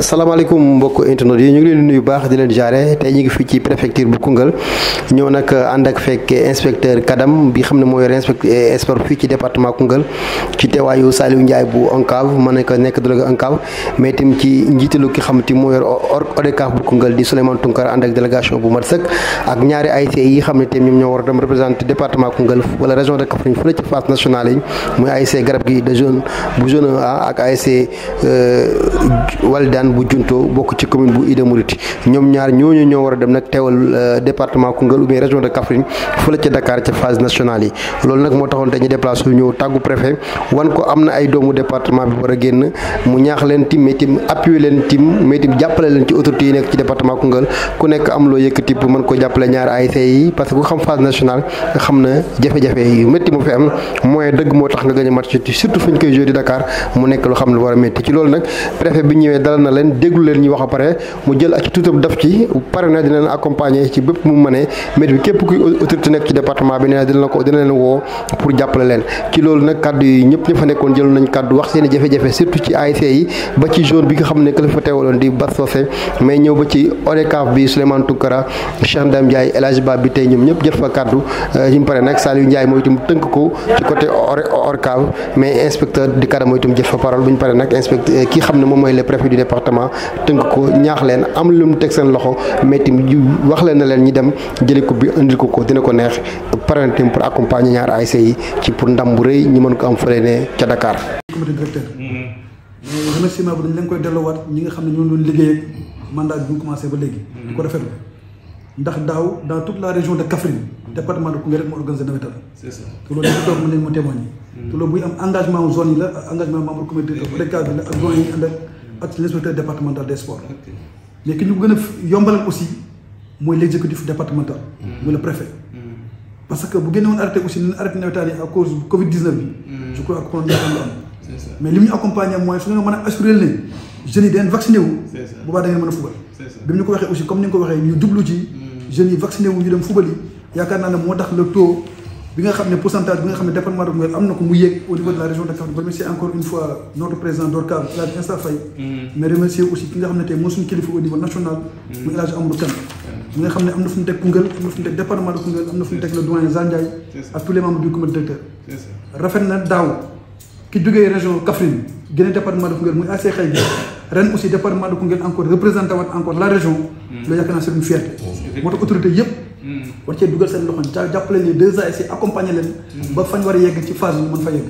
salaamaaleykum mbokk internet yi ñu ngi leen di nuyu baax di leen jaare tey ñu ngi fii ci préfecture bu Koungheul ñëw nag ànd ak fekk inspecteur Kadam bi xam ne mooy yore inspecteur eh, fii ci département Koungheul ci teewaayu Saliou Ndiaye bu ONCAV ma ne ko nekk délégué ONCAV mais tam ci njiitalu ki xam te moo yor ODCAV bu Koungheul di Souleymane Tounkara ànd ak délégation bu mat sëkk ak ñaari ASC yi xam ne tam ñoom ñoo war a dem représenté département Koungheul wala région de Kaffrine fële ci phase nationale yi muy ASC garab gi de jeune bu jeune a commune bu Junto bokk ci commune bu Ida Mouride ñoom ñaar ñooñu ñoo war a dem nag teewal euh, département Koungheul ou région de Kaffrine fële ca Dakar ca phase nationale yi loolu nag moo taxoon dañuy déplacé wu ku nekk am loo yëkkati pour mën ko jàppale ñaar ASC yi parce que ku xam phase nationale xam na jafe-jafe yu métti mu fi am dëgg moo tax nga gën a surtout fi ñu koy joué di mu nekk loo xam ne war a métti ci loolu nag préfet bi ñëwee dalal leen déglu leen ñuy wax a pare mu jël ak tuutam def ci pare na dina leen accompagner ci bépp mu mënee mét bi képp kuy autorité nekk ci département bi nee dina leen woo pour jàppale leen ci loolu nag kàddu yi ñëpp ña jël nañ kàddu yi euh, ñu pare nag Saliou Ndiaye mooy tënk ko ci côté ORCAV mais inspecteur di Kada mooy jël fa parole bu pare nag inspecteur ki xam ne moom mooy le préfet du département département tënk ko ñaax leen am lu mu teg seen loxo mais tamit yu wax leen na leen ñi dem jëli ko bi indil ko ko dina koy delloowaat ñi nga xam ne ñoo doon liggéey ak mandat bi mu ba léegi. di ko rafetlu ndax daaw dans toute la région de Kaffrine. département de Koungheul rek moo organisé nawetal. c'est mm. loolu buy am engagement zone yi la engagement membre comité de. décade bi la ak zone yi ànd ak. ak l'inspecteur départemental des sports mais ki ñu gën a yombalal aussi mooy l'exécutif départemental muy mm. le préfet mm. parce que bu génne woon arrêté aussi nañ arrêté nawetaan yi à cause Covid 19 bi mm. je crois que kon lu mooy su ngeen mën a assuré ne jeunes yi dañ vacciné wu boobaa da mën a fubal bi ñu ko waxee aussi comme ni ko waxee ñu jublu ci jeunes yi vacciné wu ñu dem fubal yi yaakaar naa ne moo tax le taux bi nga xam ne département de Koungheul am na mu yéeg au niveau de la région de Kaffrine remercier encore une fois notre président d'ORCAV El Hadj Insa mm. mais remercier aussi ki nga ne tey moo suñu kilifa au niveau national mm. muy El Hadj Amadou Kane mm. nga xam ne am na fu mu teg Koungheul am na fu mu teg département de Koungheul am na fu mu teg le doyen Zandiaye ak tous les membres du comité directeur rafet na daaw ki jógee région Kaffrine génne département de Koungheul muy AC xëy Mm. war cee dugal seen loxo ca jàppale leen deux ans et si accompagner leen. Mm. ba fañ war a yegg ci phase bi mën fa yegg.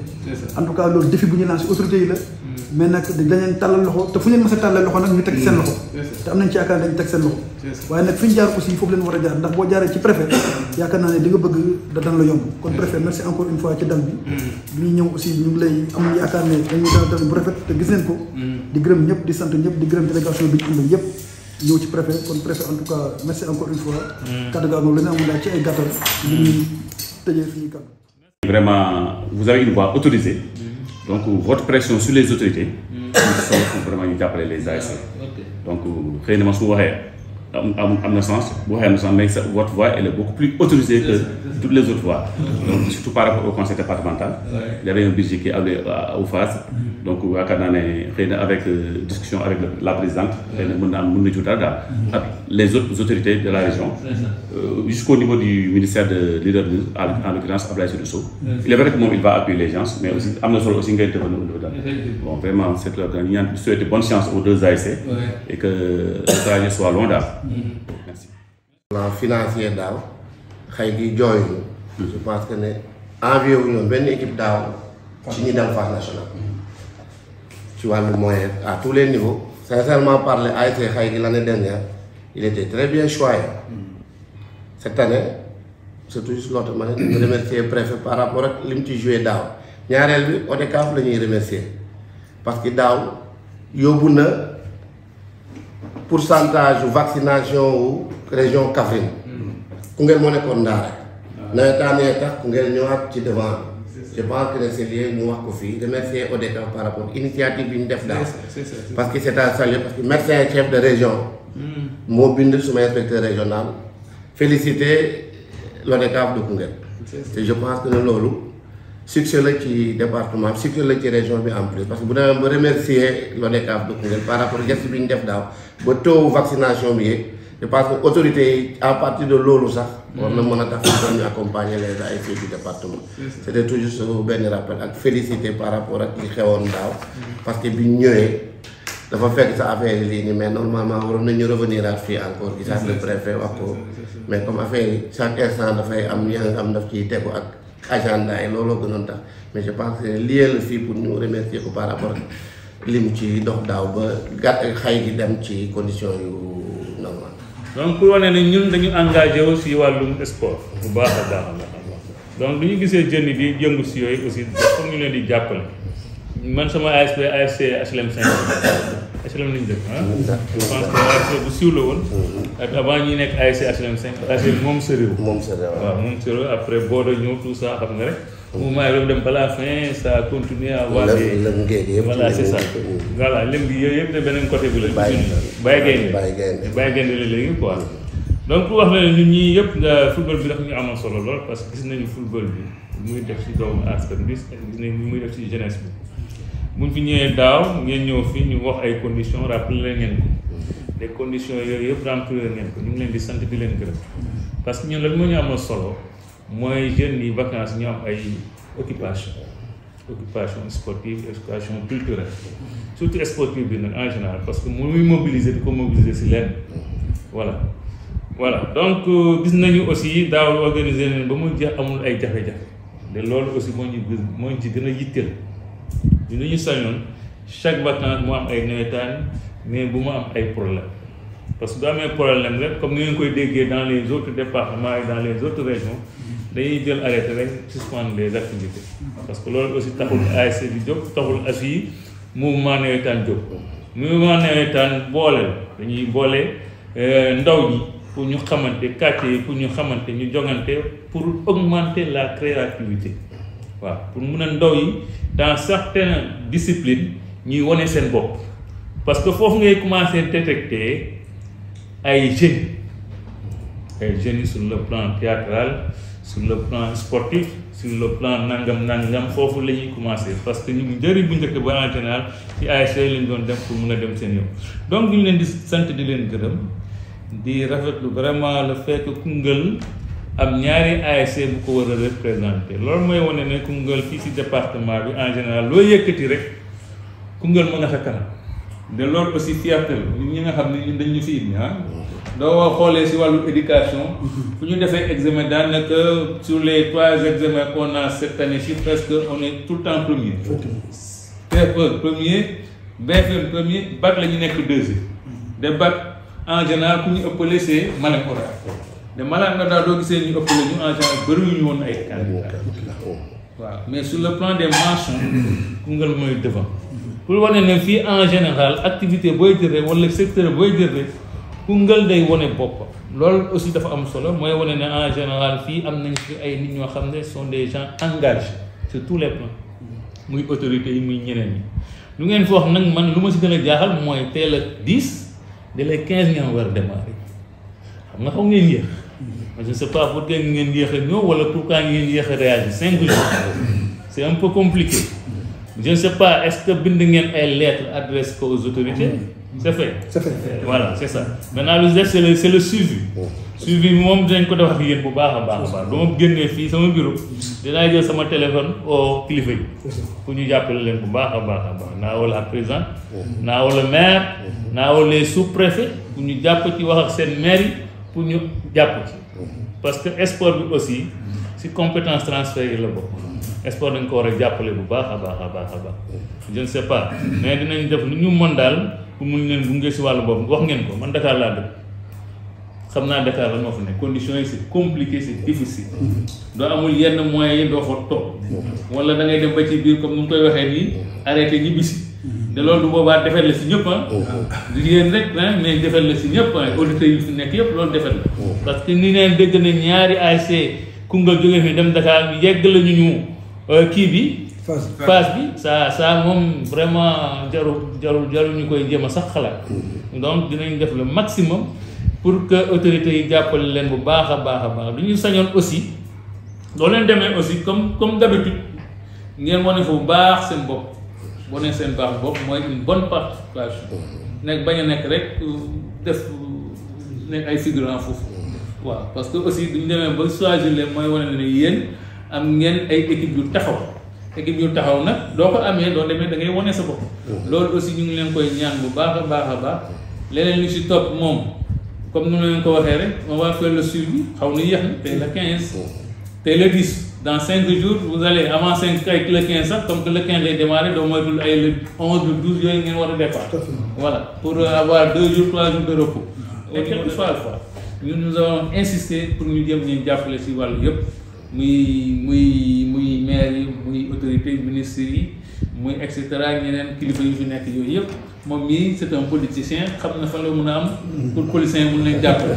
en tout cas loolu défi bu ñu lancé autorité yi la. Mm. mais nag dañ leen loxo te fu a tàllal ñu jaar aussi foofu leen war a jaar ndax boo jaaree ci préfet. yaakaar naa ne di bëgg da daan la yomb. kon préfet merci encore une fois ci dal bi. bu ñu ñëw aussi ñu lay am yaakaar ne dañuy daal bu rafet te gis neen ko. di gërëm ñëpp di sant ñëpp di gërëm délégation bi ñu yëpp ñëw ci préfet kon préfet en tout cas merci encore une fois. kaddu gi amul lu ñu daal ci ay gàttal. li ñuy tëjee suñu kaddu. vraiment vous avez une voix donc votre pression sur les autorités. pour mm. vraiment ñu jàppale les ASC. E. Ah, donc xëy na ma su waxee. am am am na sens bu waxee am na sens mais sa votre voix elle est beaucoup plus autorisée que toutes les autres voix surtout par rapport au conseil départemental il y avait budget qui allait au phase donc yaakaar naa ne xëy na avec euh, discussion avec la présidente xëy na mën na am mën na jur mm-hmm. ak les autres autorités de la région euh, jusqu'au niveau du ministère de leader en l'occurrence Abdoulaye Seydou Sow il est vrai que moom il va appuyer les gens mais aussi mm-hmm. am na solo aussi ngay defa que ñu ñaan merci. plan financier daaw xay gi jooyuñu. je pense que ne envié wu ñoom benn équipe daaw. ci ñi dem phase nationale. ci wàllu moyen à tous les niveaux. sincèrement parler ASC xëy gi l'année dernière il était très bien choyé. cette année surtout juste loolu ma remercier préfet par rapport ak li mu ci joué daaw ñaareel bi ODCAV la ñuy remercier parce daaw yóbbu na. pourcentage vaccination wu région Kaffrine hmm. Koungheul moo nekkoon ndaare ah. nawetaanee tax Koungheul ñëwaat ci devant je pense que c'est lié ñu wax ko fii remercier ODCAV par rapport initiative bi ñu def daal parce que c'est à saluer parce que médecin chef de région hmm. moo bind suma inspecteur régional féliciter l'ODCAV de Koungheul te je pense que ne loolu succès la ci département succès la ci région bi am plus parce que bu demee ba remercier l'ODCAV bu Koungheul par rapport geste bi ñu def daaw ba taux vaccination bi yeeg je que autorité yi à partir de loolu sax. war na mën a tax ñu accompagner les ASC du département. c'était toujours benn rappel ak félicité par rapport ak li xewoon daaw. parce que bi ñëwee. dafa fekk sa affaire lii nii mais normalement waroon nañu revenir à fii encore gisaat le préfet wax ko mais comme affaire yi chaque instant dafay am yaa nga agenda yi looloo gënoon tax mais je pense que fii pour ñu remercier ko par rapport ak li mu ci dox daaw ba gàtt xay gi dem ci condition yu normal donc pour wane ne ñun dañu engagé wu si wàllum sport bu baax a baax donc bi gisee jën yi di yëngu si yooyu aussi comme ñu leen di jàppale man sama ASP ASC HLM 5 HLM lañu dëkk ah. je pense que HLM bu siiw la woon. Mm-hmm. avant ñuy nekk ay HLM 5 HLM moom sa moom sa moom sa après Bodo ñëw tout ça xam nga rek. Mm-hmm. mouvement yi dem ba la fin ça continue à avoir des lëm géeg yëpp voilà c'est ça mm-hmm. voilà lëm yëpp beneen côté bi la bàyyi gaynde bàyyi gaynde la léegi quoi donc pour wax la ne yëpp football bi dafa ñu amoon solo lool parce que gis nañu football bi muy def si doomu askan bi gis muy def si jeunesse bi buñ fi ñëwee daaw ngeen ñëw fi ñu wax ay conditions rappeler ngeen ko les conditions yooyu yëpp remplir ngeen ko ñu ngi leen di sant bi leen gërëm parce que ñun lan moo ñu amal solo mooy jeunes yi vacances ñu am ay occupation occupation sportive occupation culturelle surtout sportive bi nag en parce que mu muy mobiliser di ko mobiliser si lenn voilà voilà donc euh, gis nañu aussi daaw organiser leen ba mu jeex amul ay jafe-jafe de loolu aussi moo ñu moo ci gën a yitteel ñu ñu sañoon chaque vacance mu am ay nawetaan mais bu mu am ay problème parce que bu amee problème rek comme ni ngeen koy déggee dans les autres département et dans les autres régions dañuy jël arrêté rek suspendre les activités parce que loolu aussi taxul ASC bi jóg taxul as yi mouvement ma jóg mouvement boole dañuy boolee euh, ndaw ñi pour ñu xamante quartier yi pour ñu xamante ñu jongante pour augmenter la créativité waaw pour mun a ndaw yi dans certaines disciplines ñuy wane seen bopp parce que foofu ngay commencer détecter ay jeunes ay jeunes sur le plan théâtral sur le plan sportif sur le plan nangam nangam foofu la ñuy commencer parce que ñu njëriñ bu njëkk ba en général ci ASC lañ doon dem pour mun a dem seen yow donc ñu leen di sant di leen gërëm di rafetlu vraiment le fait que Koungheul am ñaari ASC bu ko war a représenté loolu mooy wane ne Koungheul fii ci département bi en général loo yëkkati rek Koungheul mën a fa kanam de loolu aussi fierté la ñi nga xam ne ñun dañ ñu fi indi ah. doo xoolee ci wàllu éducation fu ñu defee examen daanaka su les trois examens qu'on a cette année ci presque on est tout le temps premier. TFE e, premier BFM e premier bac la ñu nekk deuxième. Mm-hmm. de bac en général ku ñu ëppalee c'est Malem Hodar te Malang Ndoda doo gisee ñu ëpp la ñu en général bëriwuñu woon ay candidat waaw mais sur le plan des mentions Koungheul mooy devant pour wane ne fii en général activité booy jël rek wala secteur booy jël rek Koungheul day wane boppam loolu aussi dafa am solo mooy wane ne en général fii am nañ fi ay nit ñoo xam ne son des gens engagés sur tous les plans muy autorités yi muy ñeneen yi lu ngeen fi wax nag man lu ma si gën a jaaxal mooy teel a dix de les quinze ngeen war a démarrer xam nga xam ngeen yéex je ne sais pas peut-être ngeen yéex a ñëw wala tout cas ngeen yéex a réagir cinq jours c' est un peu compliqué je ne sais pas est ce que bind ngeen ay lettres adresse ko aux autorités mm-hmm. c' fait. c' fait voilà c' est ça maintenant lu def c' le c' le suivi. Oh. suivi moom dinañ ko def ak yéen bu baax a baax a baax ba ma génnee fii sama bureau dinaa jël sama téléphone au kilifa yi pour ñu jàppale leen bu baax a baax a baax naa wala oh. oh. ak président naa wala pour ñu jàpp ci parce que sport bi aussi si compétence transfert yi la bokk sport dañ ko war a jàppale bu baax a baax a baax a baax je ne sais pas mais dinañ def lu ñu mën daal pour mun leen gunge si wàllu boobu wax ngeen ko man Dakar laa dëkk xam naa Dakar la moo fa ne conditions yi c'est compliqué c'est si doo amul yenn moyens yi doo fa toog wala da ngay dem ba ci biir comme nu mu koy waxee nii arrêté si te loolu bu boobaa defal la si ñëpp ah. du oh. yéen rek ah mais defal la si ñëpp ah. auditeurs yi fi nekk yëpp loolu defal la. Oh. parce que ni leen dégg na ñaari ASC Koungheul jógee fi dem Dakar yegg la ñu ñu euh, kii bi. phase bi phase bi ça ça moom vraiment jarul jarul jarul ñu koy jéem a sax xalaat. Mm-hmm. donc dinañ def le maximum pour que autorités yi jàppale leen bu baax a baax a baax du ñu sañoon aussi. doo leen demee aussi comme comme d'habitude ngeen wane fa bu baax seen bopp. wane seen baax bopp mooy une bonne participation. Mm. nekk bañ a nekk rek euh, def nekk ay figurant foofu. Mm. waaw parce que aussi duñ demee ba choisir leen mooy wane ne yéen am ngeen ay équipe yu taxaw équipe yu taxaw nag doo ko amee doo demee da ngay wane sa bopp. Mm. loolu aussi ñu ngi leen koy ñaan bu baax a baax a baax leneen li si topp moom comme nu ma leen ko waxee rek on va faire le suivi xaw na yéex na tey la quinze tey la dix. dans cinq jours vous allez avant cinq ak sa quinze sax comme que le quinze lay démarrer doo moytul ay le onze le douze yooyu ngeen war a départ voilà pour avoir deux jours trois jours de repos et quel que soit le fois ñun nous avons insisté pour ñu jëm ñu jàppale si wàllu yëpp muy muy muy maire yi muy autorité ministre yi muy et cetera ñeneen kilifa yu fi nekk yooyu yëpp moom mii c'est un politicien xam na fan la mun a am. pour politicien yi mun nañ jàppale.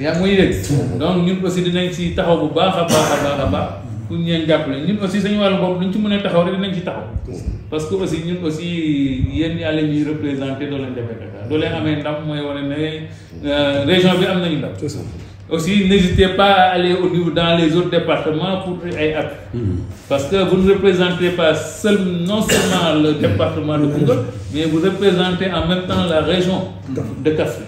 yaa ngi muy dégg. donc ñun aussi dinañ ci taxaw bu baax a baax a baax a baax pour ñu leen jàppale ñun aussi suñu wàllu bopp luñ ci mënee taxaw rek dinañ ci taxaw. parce que aussi ñun aussi yéen yàlla ñuy représenté doo leen defee Dakar doo leen amee ndam mooy war wane ne euh, région bi am nañu ndam. Aussi, n'hésitez pas à aller au niveau dans les autres département pour ay actes. Hmm. Parce que bu ne représentez pas seul, non seulement le département de Koungheul, mais vous représentez en même temps la région de Kaffrine.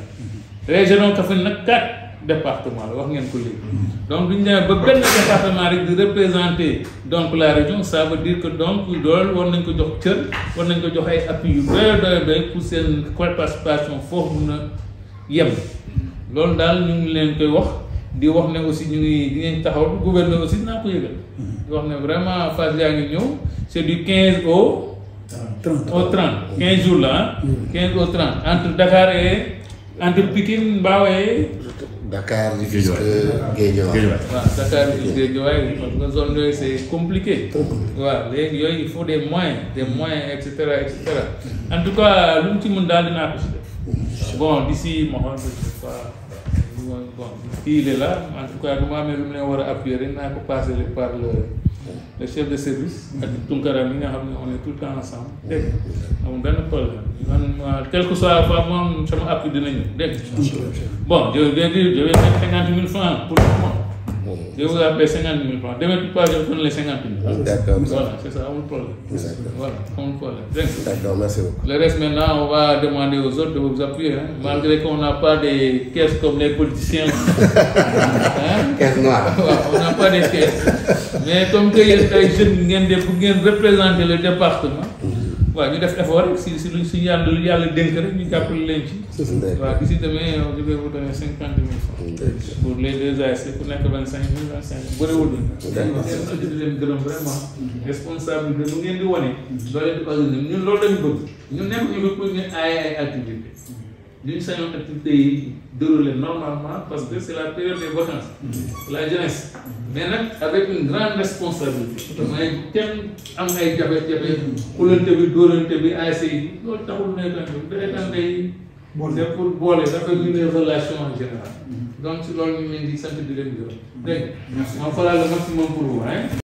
Région Kaffrine nag quatre départements la wax ngeen ko léegi. Hmm. Donc bu ñu demee ba benn département rek di représenter donc la région ça veut dire que donc loolu war nañ ko jox cër war nañ ko jox ay appui yu doy doy doy pour seen participation foofu mun a loolu daal ñu ngi leen koy wax di wax ne aussi ñu ngi dinañ taxaw gouverneur aussi naa ko yëgal mhm. di wax ne vraiment phase yaa ngi ñëw c'est du quinze au au trente quinze jours la ah mhm. quinze au trente entre Dakar et entre Pikine Mbaawe Dakar jusque Guédiawaye waaw Dakar jusque Guédiawaye parce que zone yooyu compliqué waaw léegi yooyu il faut des moyens des mhm. moyens et cetera en tout cas lu mu ci mun daal dinaa ko si def bon d'ici ma xool bon kii de la en tout cas bu ma amee lu mu leen war a appuyer rek naa ko passer par le le chef de service. ak Tunkara mi nga xam ne on est tout le temps ensemble. dégg nga amul benn problème man quel que soit moom sama appui dina ñëw bon je vais dire je vais mille francs pour tout le je vous ai payé cinquante mille francs demee pas je donne les cinquante mille. d'accord voilà c'est ça amul problème. voilà amul problème dégg nga. d'accord merci beaucoup. le reste maintenant on va demander aux autres de vous appuyer hein, malgré qu'on n'a pas des caisses comme les politiciens. caisse noire. waaw on n'a pas des caisses mais comme que yéen ay jeunes ngeen def pour ngeen représenter le département. waa ñu def effort rek si si lu si yàlla lu yàlla dénk rek ñu jàppale leen ci. waaw d'ici demain je vais vous donner cinquante mille francs pour les deux ASC ku nekk vingt cinq mille cinq bëriwul ñu leen gërëm vraiment mm-hmm. responsabilité bu ngeen di wane. Mm-hmm. doole di ñun loolu lañu nekk ñu ko pour ñu aaye activité mm-hmm. ñun sañoon activités yi déroulé normalement parce que c' est la période des vacances mm-hmm. la jeunesse mais nag avec une grande responsabilité mooy kenn am ay jafe-jafe mm-hmm. xulante bi dóorante bi ASC yi loolu taxul nawetaan bi nawetaan day c'est pour boole dafa ñu ne mm-hmm. relation en général donc si loolu ñu leen di sant di leen gërëm dégg nga on fera le maximum pour vous hein